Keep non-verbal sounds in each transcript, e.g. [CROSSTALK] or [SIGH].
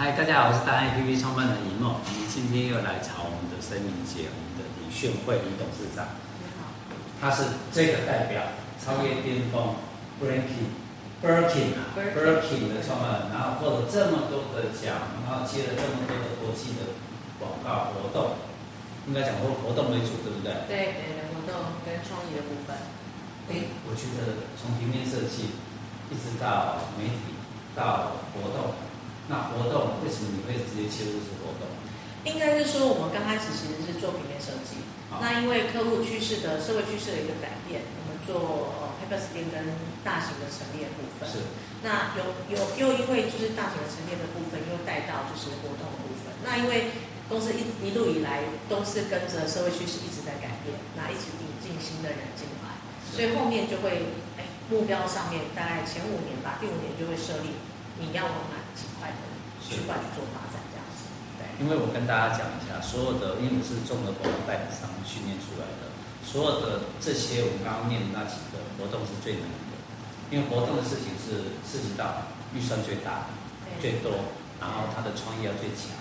嗨，Hi, 大家好，我是大 A P P 創辦人李夢。你今天又來朝我們的聲明節，我們的李炫惠李董事長。你好。他是這個代表超越巔峰，Breaking，Breaking 啊，Breaking 的創辦人，然後獲得這麼多的獎，然後接了這麼多的國際的廣告活動，應該講說活動為主，對不對,對？對，活動跟創意的部分。對我覺得從平面設計一直到媒體到活動。那活動為什麼你會直接切入是活動？應該是說，我們剛開始其實是做平面設計。好那因為客戶趨勢的社會趨勢的一個改變，我們做呃海報設計跟大型的陳列部分。是。那有有又因為就是大型的陳列的部分，又帶到就是活動的部分。那因為公司一一路以來都是跟着社會趨勢一直在改變，那一直引進新的人進來，是所以後面就會哎目標上面大概前五年吧，第五年就會設立你要往哪？儘快的去快速做發展，這樣子。對，因為我跟大家講一下，所有的，因為我是綜合國的代理商訓練出來的，所有的這些我剛剛念的那幾個活動是最難的，因為活動的事情是涉及到預算最大，對最多，然後他的創意要最強，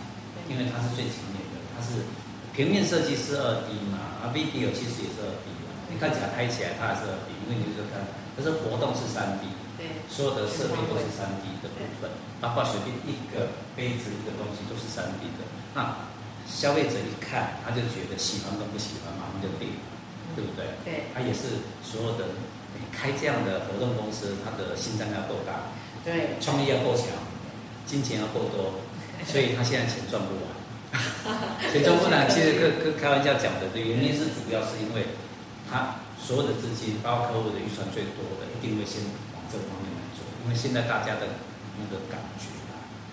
因為他是最強烈的，他是平面設計師二 D 嘛，而 video 其實也是二 D 嘛。你看起來開起來它還是二 D。因為你就看，它是活動是三 D，對，所有的設備都是三 D 的部分，對包括隨便一個杯子一個東西都是三 D 的。那、啊、消費者一看，他就覺得喜歡跟不喜歡，馬上就定對，對不對？對。他也是所有的你開這樣的活動公司，他的心臟要夠大，對，創意要夠強，金錢要夠多，所以他現在錢賺不完，錢賺 [LAUGHS] 不完。其實跟跟開玩笑講的對於，原因是主要是因為。他所有的資金，包括客戶的預算最多的，一定會先往這方面來做。因為現在大家的那個感覺、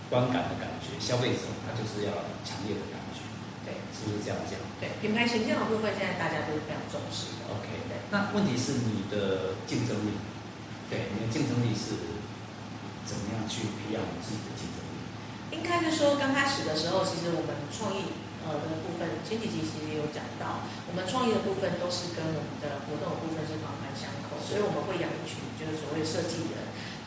觀感的感覺，消費者他就是要強烈的感覺，對，是不是這樣講？對，品牌形象的部分，現在大家都非常重視的。OK，對。那問題是你的競爭力，對，你的競爭力是怎麼樣去培養自己的競爭力？應該是說，剛開始的時候，其實我們創意。呃的部分，前幾集其實也有講到，我們創意的部分都是跟我們的活動的部分是環環相扣，是所以我們會養一群就是所謂設計人，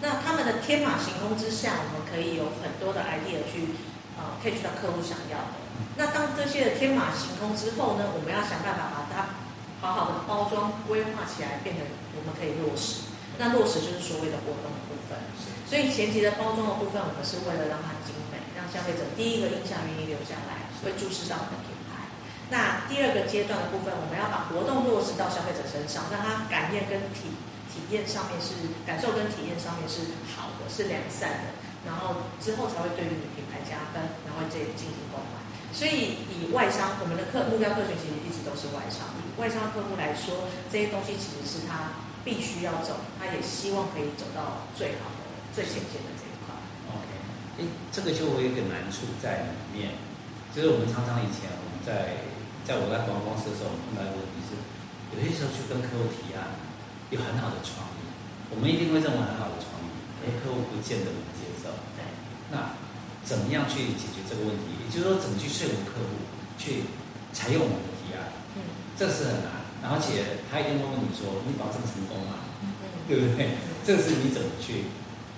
那他們的天馬行空之下，我們可以有很多的 idea 去呃 catch 是、呃、到客戶想要的。那當這些的天馬行空之後呢，我們要想辦法把它好好的包裝規劃起來，變得我們可以落實。那落實就是所謂的活動的部分，是所以前期的包裝的部分，我們是為了讓它精美，讓消費者第一個印象願意留下來。會注視到我們的品牌。那第二個階段的部分，我們要把活動落實到消費者身上，讓他感念跟體體驗上面是感受跟體驗上面是好的，是良善的。然後之後才會對於你的品牌加分，然後這進行購買。所以以外商，我們的客目標客群其實一直都是外商。以外商客戶來說，這些東西其實是他必須要走，他也希望可以走到最好的、最先進的這一塊。OK，、哦、對這個就有點難處在裡面。其實我們常常以前我們在在我在廣告公司的時候，碰到的問題是，有些時候去跟客戶提案有很好的創意，我們一定會認為很好的創意，但客戶不見得能接受。對，那怎麼樣去解決這個問題？也就是說，怎麼去說服客戶去採用我們的提案？嗯，這是很難。而且他一定會問你說：“你保證成功嗎？”嗯，對不對？這個是你怎麼去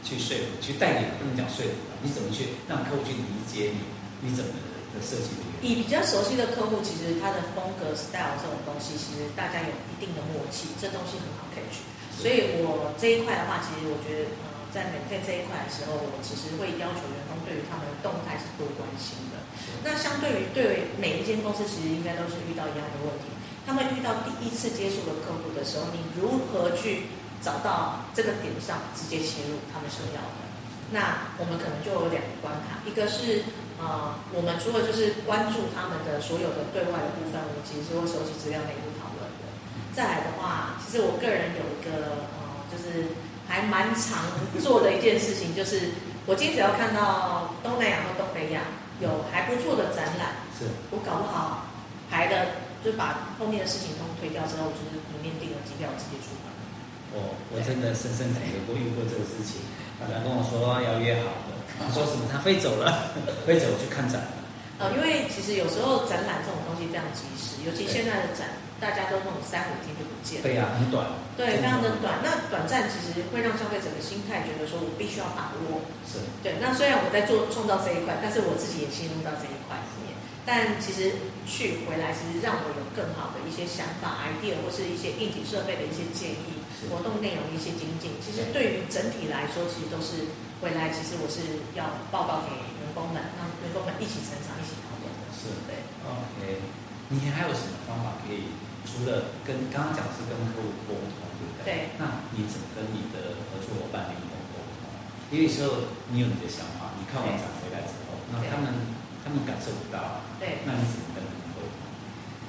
去說服、去代理，不能講說服、啊，你怎麼去讓客戶去理解你？你怎麼的？設計。以比較熟悉的客戶，其實他的風格、style 這種東西，其實大家有一定的默契，這東西很好 catch。的所以，我這一塊的話，其實我覺得，呃，在每在 ain 這一塊的時候，我其實會要求員工對於他們的動態是多關心的。的那相對於對於每一間公司，其實應該都是遇到一樣的問題。他們遇到第一次接觸的客戶的時候，你如何去找到這個點上直接切入他們需要的？那我們可能就有兩個關卡，一個是呃，我們除了就是關注他們的所有的對外的部分，我們其實是會收集資料、內部討論的。再來的話，其實我個人有一個呃，就是還蠻常做的一件事情，就是我今天只要看到東南亞和東北亞有還不錯的展覽，是我搞不好排的，就是把後面的事情都推掉之後，我就是，裡面訂了機票，直接出發。我、哦、我真的深深感覺過遇過這個事情，他跟我說要約好的，他說什麼他飛走了，飛走去看展。因為其實有時候展覽這種東西非常及時，尤其現在的展，對大家都弄三五天就不見了。對呀、啊，很短，嗯。對，非常的短。那短暫其實會讓消費者的心態覺得說我必須要把握。是。對，那雖然我在做創造這一塊，但是我自己也陷入到這一塊裡面。但其實去回來其實讓我有更好的一些想法，idea，或是一些應急設備的一些建議，是活動內容一些精進。其實對於整體來說，其實都是回來，其實我是要報告給員工們，讓員工們一起成長。OK，你還有什麼方法可以？除了跟剛剛講，是跟客戶溝通，對不對？對。那你怎麼跟你的合作伙伴溝通？因為對有時候你有你的想法，你看完展回來之後，那對他們他們感受不到，對。那你怎麼跟他們溝通？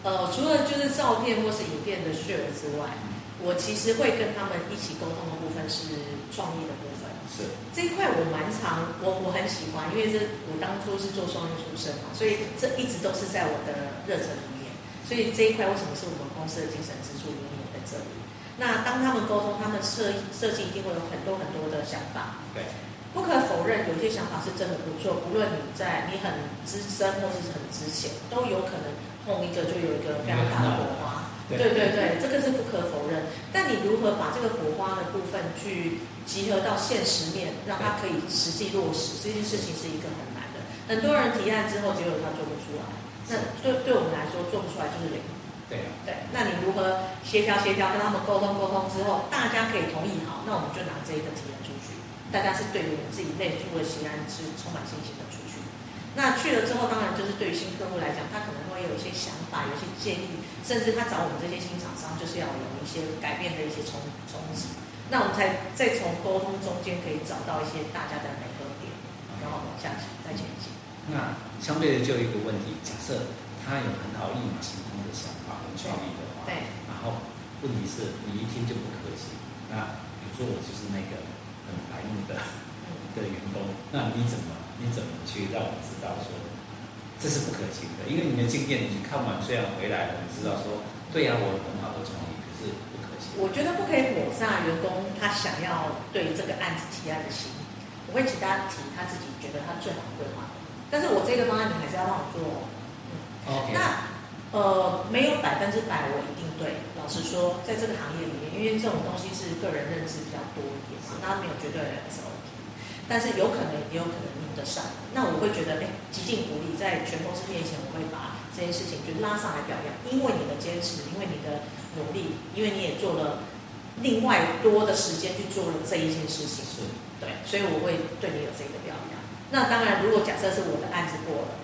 呃，除了就是照片或是影片的 share 之外。嗯我其實會跟他們一起溝通的部分是創意的部分，是這一塊我蠻常，我我很喜歡，因為這我當初是做創意出身嘛，所以這一直都是在我的熱忱裡面。所以這一塊為什麼是我們公司的精神支柱，因為在這裡。那當他們溝通，他們設設計一定會有很多很多的想法。對，不可否認，有些想法是真的不錯。無論你在你很資深，或是很資淺，都有可能碰一個就有一個非常大的火花。對對對，對這個是不可否認。如何把這個火花的部分去集合到現實面，讓它可以實際落實，這件事情是一個很難的。很多人提案之後，結果他做不出來。那對對我們來說，做不出來就是零。對啊。對，那你如何協調協調，跟他們溝通溝通之後，大家可以同意好，那我們就拿這一份提案出去。大家是對於我們自己內心的提案是充滿信心的出去的。那去了之後，當然就是對於新客戶來講，他可能會有一些想法，有一些建議，甚至他找我們這些新廠商，就是要有一些改變的一些衝衝擊。新新那我們才再從溝通中間可以找到一些大家的美好點，嗯、然後往下再前進。那對相對的，就有一個問題，假設他有很好立馬的想法和創意的話，對，對然後問題是你一聽就不客氣。那比如說我就是那個很、嗯、白目的的員工， [LAUGHS] 那你怎麼？你怎麼去讓我知道說這是不可行的？因為你的經驗你看完，雖然回來了，你知道說對呀、啊，我有很好的創意，可是不可行。我覺得不可以抹殺員工他想要對這個案子提案的心。我會請大家提他自己覺得他最好他的規劃，但是我這個方案你還是要幫我做哦。哦 Okay. 那呃，沒有百分之百我一定對。老實說，在這個行業裡面，因為這種東西是個人認知比較多一點，是他沒有絕對受的。但是有可能，也有可能用得上，那我會覺得，哎、欸，極盡鼓勵，在全公司面前，我會把這件事情就拉上來表揚，因為你的堅持，因為你的努力，因為你也做了另外多的時間去做了這一件事情，對，所以我會對你有這個表揚。那當然，如果假設是我的案子過了。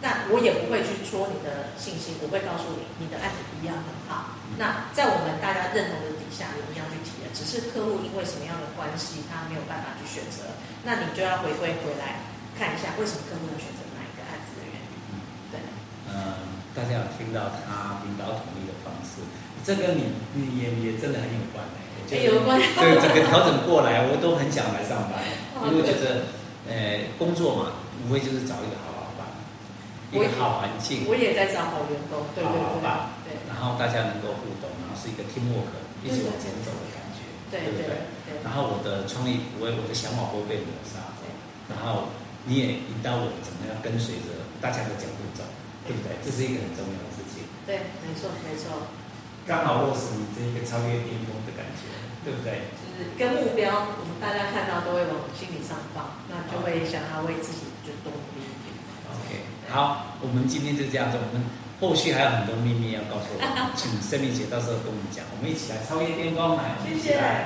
那我也不會去戳你的信心，我會告訴你，你的案子一樣很好。嗯、那在我們大家認同的底下，我們一樣去提驗，只是客戶因為什麼樣的關係，他沒有辦法去選擇，那你就要回歸回來看一下，為什麼客戶要選擇哪一個案子的原因，嗯、對。嗯、呃，大家有聽到他領導統一的方式，這跟、個、你，你也也真的很有關哎，有關對。對整個調整過來， [LAUGHS] 我都很想來上班，哦、因為我覺得，呃對、欸，工作嘛，無非就是找一個好。一個好環境，我也在找好員工，對對對，好好對。然後大家能夠互動，然後是一個 teamwork，對一直往前走的感覺，對對對、對？然後我的創意，我我的想法不會被抹殺，對對對對，然後你也引導我怎麼樣跟隨着大家的腳步走，對不對、對？這是一個很重要的事情。對，沒錯，沒錯，沒錯。剛好落實你這一個超越巔峰的感覺，對不對？就是跟目標，我們大家看到都會往心理上放，那就會想要為自己就動力。嗯好，我們今天就這樣子。我們後續還有很多秘密要告訴我們，我、啊啊、請生命姐到時候跟我們講。我們一起來超越巔峰，來，來謝謝。